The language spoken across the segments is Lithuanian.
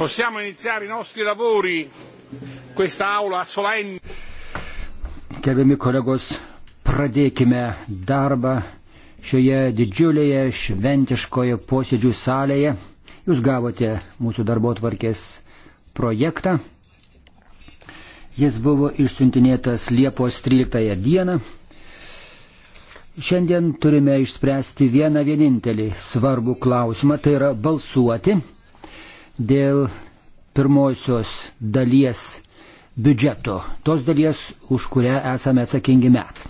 Possiamo iniziare i nostri lavori. Questa aula solenne. Gerbiami kolegos, pradėkime darbą šioje didžiulėje šventiškoje posėdžių salėje. Jūs gavote mūsų darbo tvarkės projektą. Jis buvo išsiuntinėtas Liepos 13 dieną. Šiandien turime išspręsti vieną vienintelį svarbų klausimą, tai yra balsuoti dėl pirmosios dalies biudžeto, tos dalies, už kurią esame atsakingi met.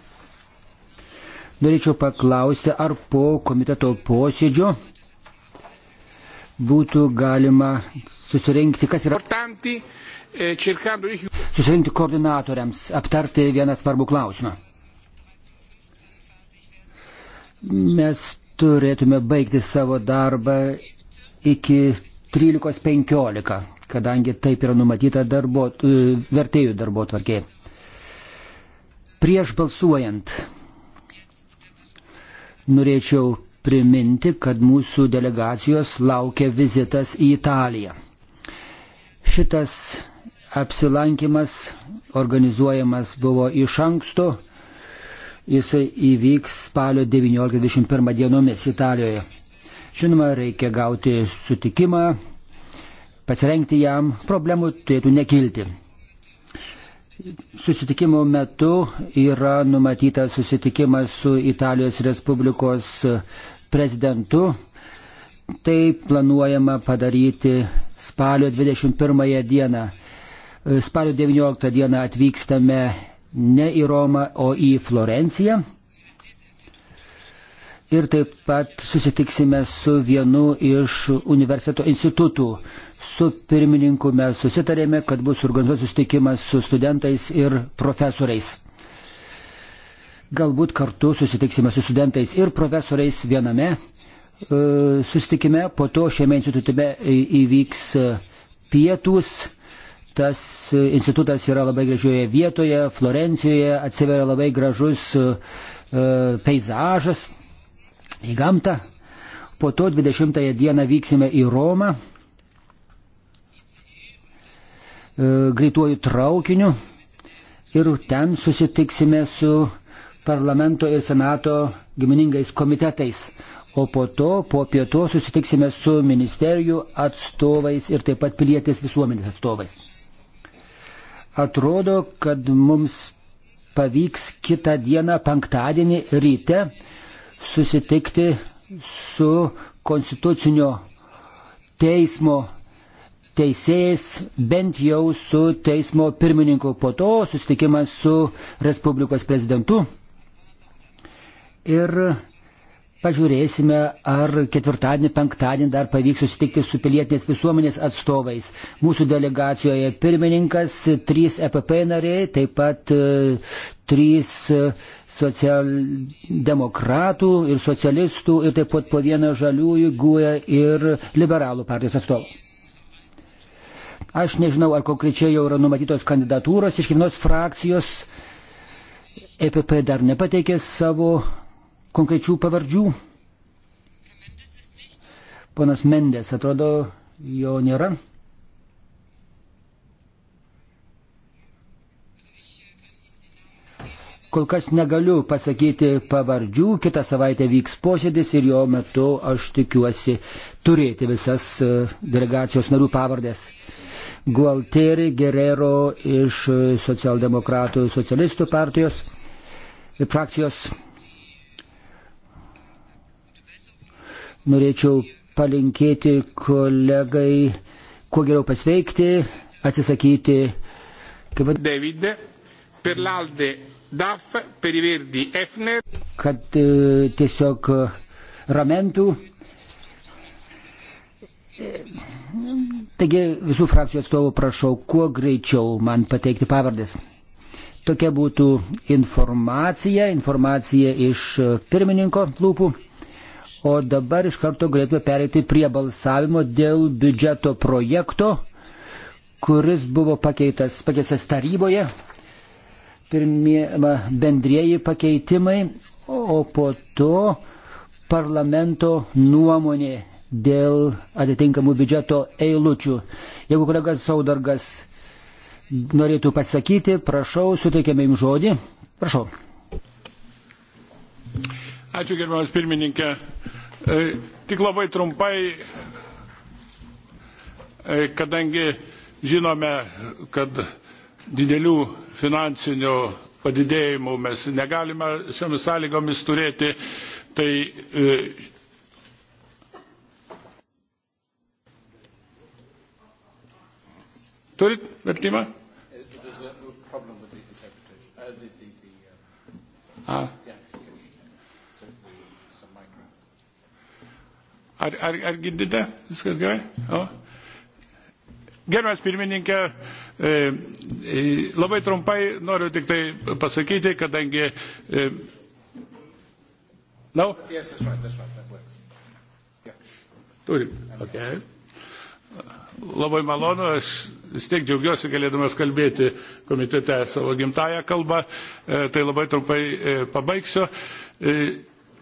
Norėčiau paklausti, ar po komiteto posėdžio būtų galima susirinkti, kas yra. E, susirinkti koordinatoriams, aptarti vieną svarbų klausimą. Mes turėtume baigti savo darbą iki 13.15, kadangi taip yra numatyta darbo, e, vertėjų darbo tvarkė. Prieš balsuojant norėčiau priminti, kad mūsų delegacijos laukia vizitas į Italiją. Šitas apsilankimas organizuojamas buvo iš anksto, jisai įvyks spalio 19-21 dienomis Italijoje. Žinoma, reikia gauti sutikimą, pasirengti jam, problemų turėtų nekilti. Susitikimo metu yra numatytas susitikimas su Italijos Respublikos prezidentu. Tai planuojama padaryti spalio 21 dieną. Spalio 19 dieną atvykstame ne į Romą, o į Florenciją ir taip pat susitiksime su vienu iš universiteto institutų. Su pirmininku mes susitarėme, kad bus organizuotas susitikimas su studentais ir profesoriais. Galbūt kartu susitiksime su studentais ir profesoriais viename e, susitikime, po to šiame institutime įvyks pietus. Tas institutas yra labai gražioje vietoje, Florencijoje atsiveria labai gražus e, peizažas į gamtą. Po to 20 dieną vyksime į Romą e, greituoju traukiniu ir ten susitiksime su parlamento ir senato giminingais komitetais. O po to, po pieto susitiksime su ministerijų atstovais ir taip pat pilietės visuomenės atstovais. Atrodo, kad mums pavyks kitą dieną, penktadienį ryte, susitikti su konstitucinio teismo teisėjais, bent jau su teismo pirmininku, po to susitikimas su Respublikos prezidentu. Ir Pažiūrėsime, ar ketvirtadienį, penktadienį dar pavyks susitikti su pilietinės visuomenės atstovais. Mūsų delegacijoje pirmininkas, trys EPP nariai, taip pat e, trys e, socialdemokratų ir socialistų ir taip pat po vieną žaliųjų guoja ir liberalų partijos atstovų. Aš nežinau, ar konkrečiai jau yra numatytos kandidatūros iš kiekvienos frakcijos. EPP dar nepateikė savo konkrečių pavardžių. Ponas Mendės, atrodo, jo nėra. Kol kas negaliu pasakyti pavardžių, kitą savaitę vyks posėdis ir jo metu aš tikiuosi turėti visas e, delegacijos narių pavardės. Gualteri Gerero iš socialdemokratų socialistų partijos frakcijos Norėčiau palinkėti kolegai kuo geriau pasveikti, atsisakyti. Kaip... David, per l'Alde DAF, per i Verdi Efner. Kad e, tiesiog ramentų. Taigi visų frakcijų atstovų prašau kuo greičiau man pateikti pavardės. Tokia būtų informacija, informacija iš pirmininko lūpų. O dabar iš karto galėtume pereiti prie balsavimo dėl biudžeto projekto, kuris buvo pakeitas, pakeistas taryboje. Pirmie bendrieji pakeitimai, o po to parlamento nuomonė dėl atitinkamų biudžeto eilučių. Jeigu kolegas Saudargas norėtų pasakyti, prašau, suteikėme jums žodį. Prašau. Ačiū gerbiamas pirmininkė. E, tik labai trumpai, e, kadangi žinome, kad didelių finansinių padidėjimų mes negalime šiomis sąlygomis turėti, tai e, Turit vertimą? Uh, um, ah. Ar, ar, ar girdite? Viskas gerai? O? Gerbiamas pirmininkė, e, e, labai trumpai noriu tik tai pasakyti, kadangi. E, no? Yes, that's right, that's right, that works. Yeah. Turim. Okay. Labai malonu, aš vis tiek džiaugiuosi galėdamas kalbėti komitete savo gimtają kalbą, tai labai trumpai pabaigsiu.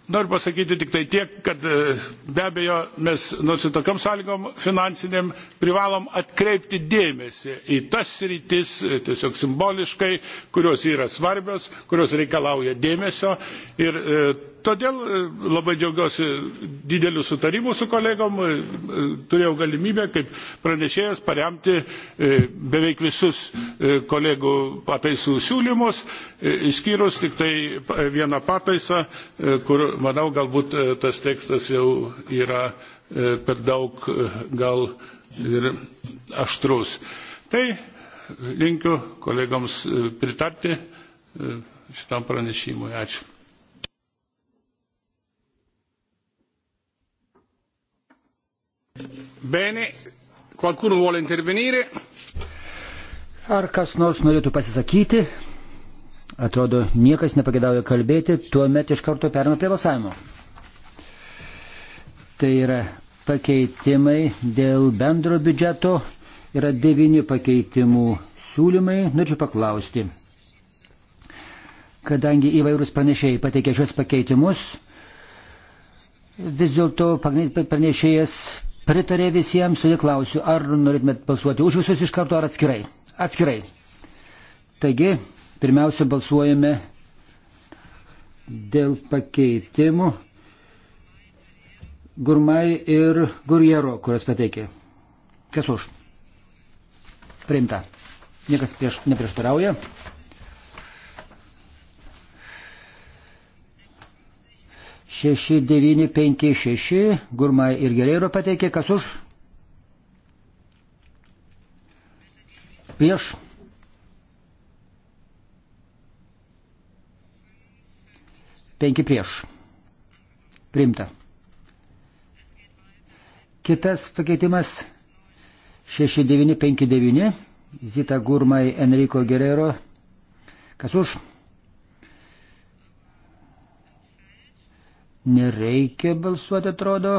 Noriu pasakyti tik tai tiek, kad e, be abejo mes nors nu, ir tokiom sąlygom finansiniam privalom atkreipti dėmesį į tas rytis, e, tiesiog simboliškai, kurios yra svarbios, kurios reikalauja dėmesio ir e, Todėl e, labai džiaugiuosi dideliu sutarimu su kolegom, e, e, turėjau galimybę kaip pranešėjas paremti beveik visus kolegų pataisų siūlymus, išskyrus tik tai vieną pataisą, kur, manau, galbūt tas tekstas jau yra per daug gal ir aštrus. Tai linkiu kolegoms pritarti šitam pranešimui. Ačiū. Bene, qualcuno vuole intervenire? Ar kas nors norėtų pasisakyti? Atrodo, niekas nepagėdavo kalbėti, tuomet iš karto perėmė prie balsavimo. Tai yra pakeitimai dėl bendro biudžeto, yra devyni pakeitimų siūlymai, norėčiau paklausti. Kadangi įvairūs pranešėjai pateikė šios pakeitimus, vis dėlto pranešėjas pritarė visiems, todėl klausiu, ar norėtumėt balsuoti už visus iš karto ar atskirai? Atskirai. Taigi, pirmiausia, balsuojame dėl pakeitimų Gurmai ir Gurjero, kurias pateikė. Kas už? Priimta. Niekas prieš, neprieštarauja. 6956 Gurmai ir Gerėro pateikė, kas už? Prieš. Penki prieš. Primta. Kitas pakeitimas 6959 Zita Gurmai Enrico Gerero. Kas už? Nereikia balsuoti, atrodo.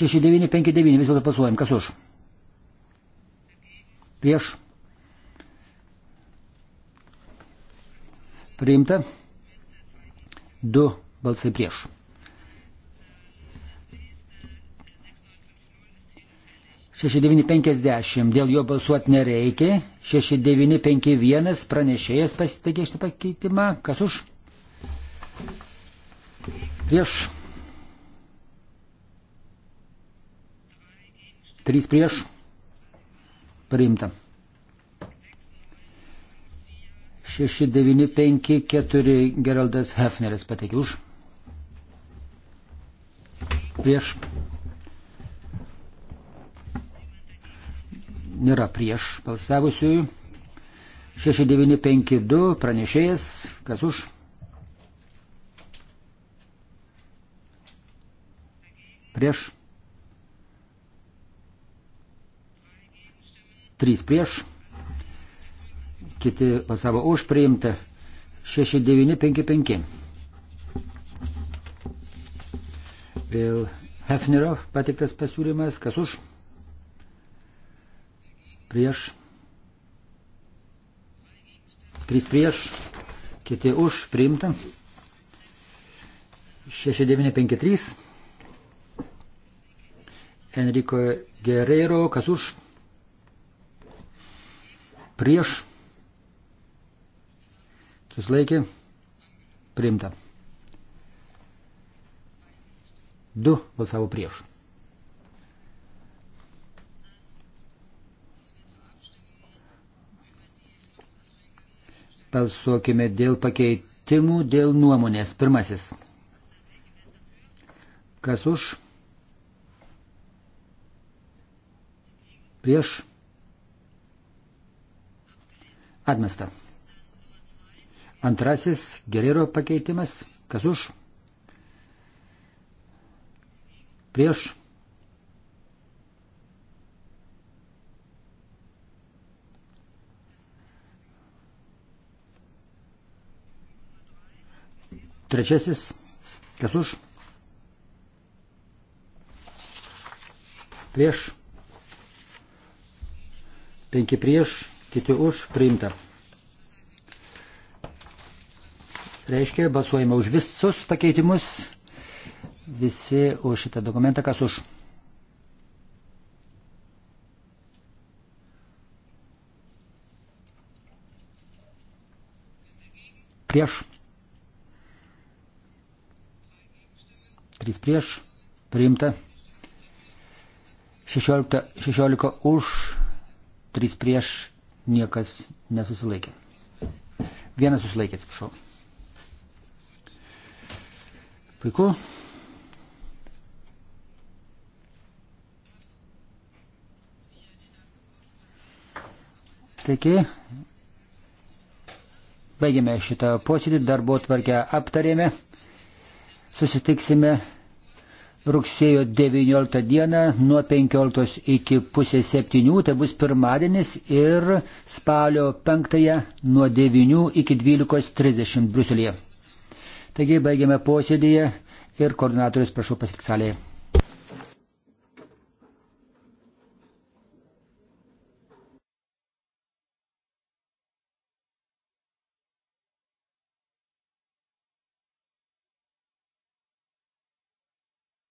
Šeši devyni, penki devyni, vis dėlto pasuojam. Kas už? Prieš. Priimta. Du balsai prieš. 6950 dėl jo balsuoti nereikia. 6951 pranešėjas pasitikė šitą pakeitimą. Kas už? Prieš. 3 prieš. Priimta. 6954 Geraldas Hefneris pateikė už. Prieš. nėra prieš balsavusiųjų. 6952 pranešėjas, kas už? Prieš. 3 prieš. Kiti balsavo už priimta. 6955. Vėl Hefnerio patiktas pasiūlymas, kas už? prieš, trys prieš, kiti už, priimta. 6953. Enrico Guerrero, kas už, prieš, susilaikė, priimta. Du balsavo prieš. Balsuokime dėl pakeitimų, dėl nuomonės. Pirmasis. Kas už? Prieš? Atmesta. Antrasis gerero pakeitimas. Kas už? Prieš? Trečiasis, kas už? Prieš. Penki prieš, kiti už, priimta. Reiškia, balsuojame už visus pakeitimus, visi už šitą dokumentą, kas už. Prieš. 3 prieš, priimta. 16, 16 už, 3 prieš, niekas nesusilaikė. Vienas susilaikė, atsiprašau. Puiku. Taigi, baigėme šitą posėdį, darbo tvarkę aptarėme, susitiksime rugsėjo 19 dieną nuo 15 iki pusės 7, tai bus pirmadienis ir spalio 5 nuo 9 iki 12.30 Bruselėje. Taigi baigiame posėdėje ir koordinatorius prašau pasilikti salėje.